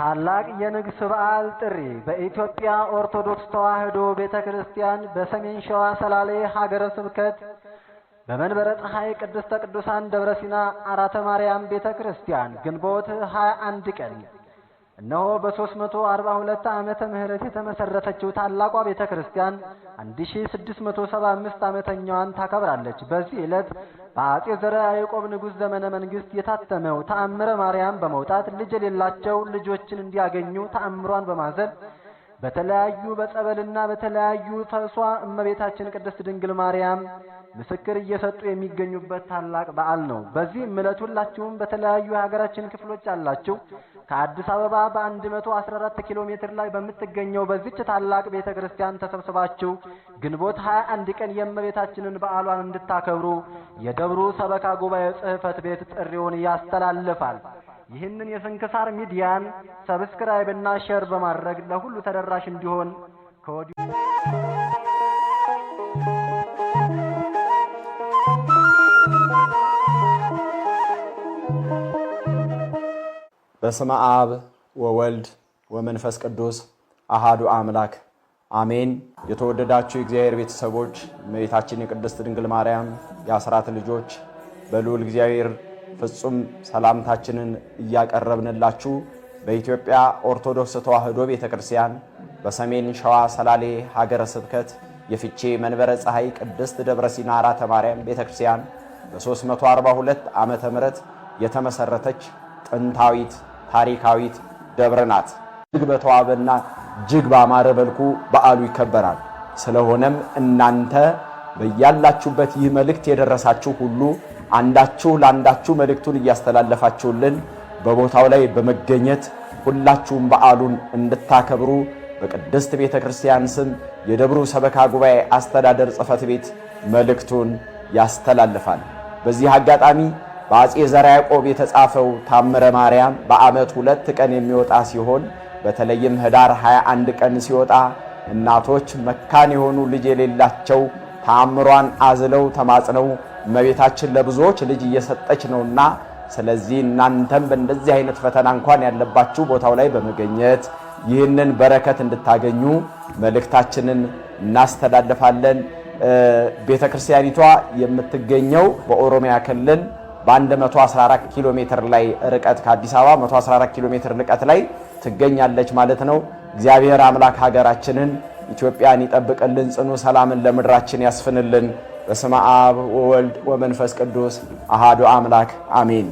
ታላቅ የንግስ በዓል ጥሪ በኢትዮጵያ ኦርቶዶክስ ተዋሕዶ ቤተ ክርስቲያን በሰሜን ሸዋ ሰላሌ ሀገረ ስብከት በመንበረ ፀሐይ ቅድስተ ቅዱሳን ደብረ ሲና አራተ ማርያም ቤተ ክርስቲያን ግንቦት 21 ቀን እነሆ በ342 ዓመተ ምህረት የተመሰረተችው ታላቋ ቤተ ክርስቲያን 1675 ዓመተኛዋን ታከብራለች። በዚህ ዕለት በአጼ ዘረ ያዕቆብ ንጉሥ ዘመነ መንግሥት የታተመው ተአምረ ማርያም በመውጣት ልጅ የሌላቸው ልጆችን እንዲያገኙ ተአምሯን በማዘል በተለያዩ በጸበልና በተለያዩ ፈሷ እመቤታችን ቅድስት ድንግል ማርያም ምስክር እየሰጡ የሚገኙበት ታላቅ በዓል ነው። በዚህ ምለት ሁላችሁም በተለያዩ የሀገራችን ክፍሎች አላችሁ ከአዲስ አበባ በ114 ኪሎ ሜትር ላይ በምትገኘው በዚች ታላቅ ቤተ ክርስቲያን ተሰብስባችሁ ግንቦት 21 ቀን የእመቤታችንን በዓሏን እንድታከብሩ የደብሩ ሰበካ ጉባኤ ጽሕፈት ቤት ጥሪውን ያስተላልፋል። ይህንን የስንክሳር ሚዲያን ሰብስክራይብና ሼር በማድረግ ለሁሉ ተደራሽ እንዲሆን ከወዲሁ በስመ አብ ወወልድ ወመንፈስ ቅዱስ አሃዱ አምላክ አሜን። የተወደዳችሁ የእግዚአብሔር ቤተሰቦች፣ እመቤታችን የቅድስት ድንግል ማርያም የአስራት ልጆች በልዑል እግዚአብሔር ፍጹም ሰላምታችንን እያቀረብንላችሁ በኢትዮጵያ ኦርቶዶክስ ተዋሕዶ ቤተ ክርስቲያን በሰሜን ሸዋ ሰላሌ ሀገረ ስብከት የፍቼ መንበረ ፀሐይ ቅድስት ደብረ ሲና አራተ ማርያም ቤተ ክርስቲያን በ342 ዓመተ ምሕረት የተመሰረተች ጥንታዊት ታሪካዊት ደብር ናት። እጅግ በተዋበና እጅግ ባማረ መልኩ በዓሉ ይከበራል። ስለሆነም እናንተ በያላችሁበት ይህ መልእክት የደረሳችሁ ሁሉ አንዳችሁ ለአንዳችሁ መልእክቱን እያስተላለፋችሁልን በቦታው ላይ በመገኘት ሁላችሁም በዓሉን እንድታከብሩ በቅድስት ቤተ ክርስቲያን ስም የደብሩ ሰበካ ጉባኤ አስተዳደር ጽሕፈት ቤት መልእክቱን ያስተላልፋል። በዚህ አጋጣሚ በአጼ ዘርዓ ያዕቆብ የተጻፈው ታምረ ማርያም በዓመት ሁለት ቀን የሚወጣ ሲሆን በተለይም ህዳር 21 ቀን ሲወጣ እናቶች መካን የሆኑ ልጅ የሌላቸው ታምሯን አዝለው ተማጽነው እመቤታችን ለብዙዎች ልጅ እየሰጠች ነውና፣ ስለዚህ እናንተም በእንደዚህ አይነት ፈተና እንኳን ያለባችሁ ቦታው ላይ በመገኘት ይህንን በረከት እንድታገኙ መልእክታችንን እናስተላልፋለን። ቤተ ክርስቲያኒቷ የምትገኘው በኦሮሚያ ክልል በ114 ኪሎ ሜትር ላይ ርቀት ከአዲስ አበባ 114 ኪሎ ሜትር ርቀት ላይ ትገኛለች ማለት ነው። እግዚአብሔር አምላክ ሀገራችንን ኢትዮጵያን ይጠብቅልን፣ ጽኑ ሰላምን ለምድራችን ያስፍንልን። በስመ አብ ወወልድ ወመንፈስ ቅዱስ አሃዱ አምላክ አሜን።